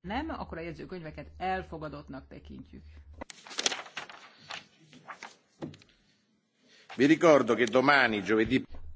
nem, akkor a jegyzőkönyveket elfogadottnak tekintjük. Vi ricordo che domani, giovedì...